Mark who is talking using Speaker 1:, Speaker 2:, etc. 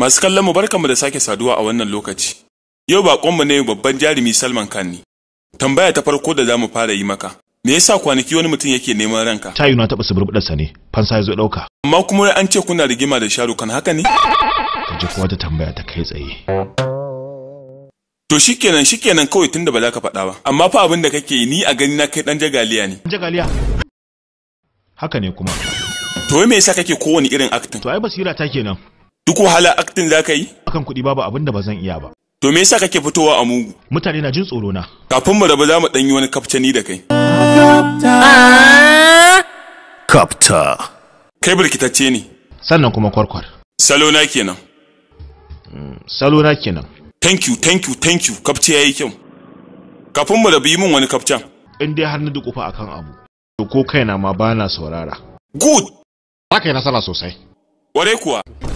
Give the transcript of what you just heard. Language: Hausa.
Speaker 1: Masu kallon mu barkanmu da sake saduwa a wannan lokaci. Yau baƙonmu ne babban jarumi Salman Khan ne. Tambaya ta farko da zamu fara yi maka. Me yasa kwanaki wani mutum yake neman ranka?
Speaker 2: Tayu na taɓa suburbuɗarsa ne, fansa ya zo ɗauka.
Speaker 1: Amma kuma an ce kuna rigima da Sharu kan haka ne? Ka
Speaker 2: ji kowa ta tambaya ta kai tsaye.
Speaker 1: To shikenan shikenan kawai tunda ba za ka faɗa ba. Amma fa abin da kake yi ni a gani na kai ɗan jagaliya ne.
Speaker 2: Jagaliya? Haka ne kuma.
Speaker 1: To me yasa kake kowane irin aktin? To ai basira ta kenan. duk wahala acting za ka yi akan
Speaker 2: kuɗi babu abin da ba zan iya ba
Speaker 1: to me yasa kake fitowa a mugu
Speaker 2: mutane na jin tsoro
Speaker 1: na kafin mu raba za mu ɗan yi wani kafcani da kai kafta ah. kai birkitacce ne sannan kuma kwarkwar salo na kenan
Speaker 3: hmm, salo na kenan
Speaker 1: thank you thank you thank you kafce yayi kyau kafin mu rabu yi min wani kafcan in dai har na dukufa akan abu
Speaker 3: to ko kaina ma bana saurara good haka yi nasara sosai
Speaker 1: ware kuwa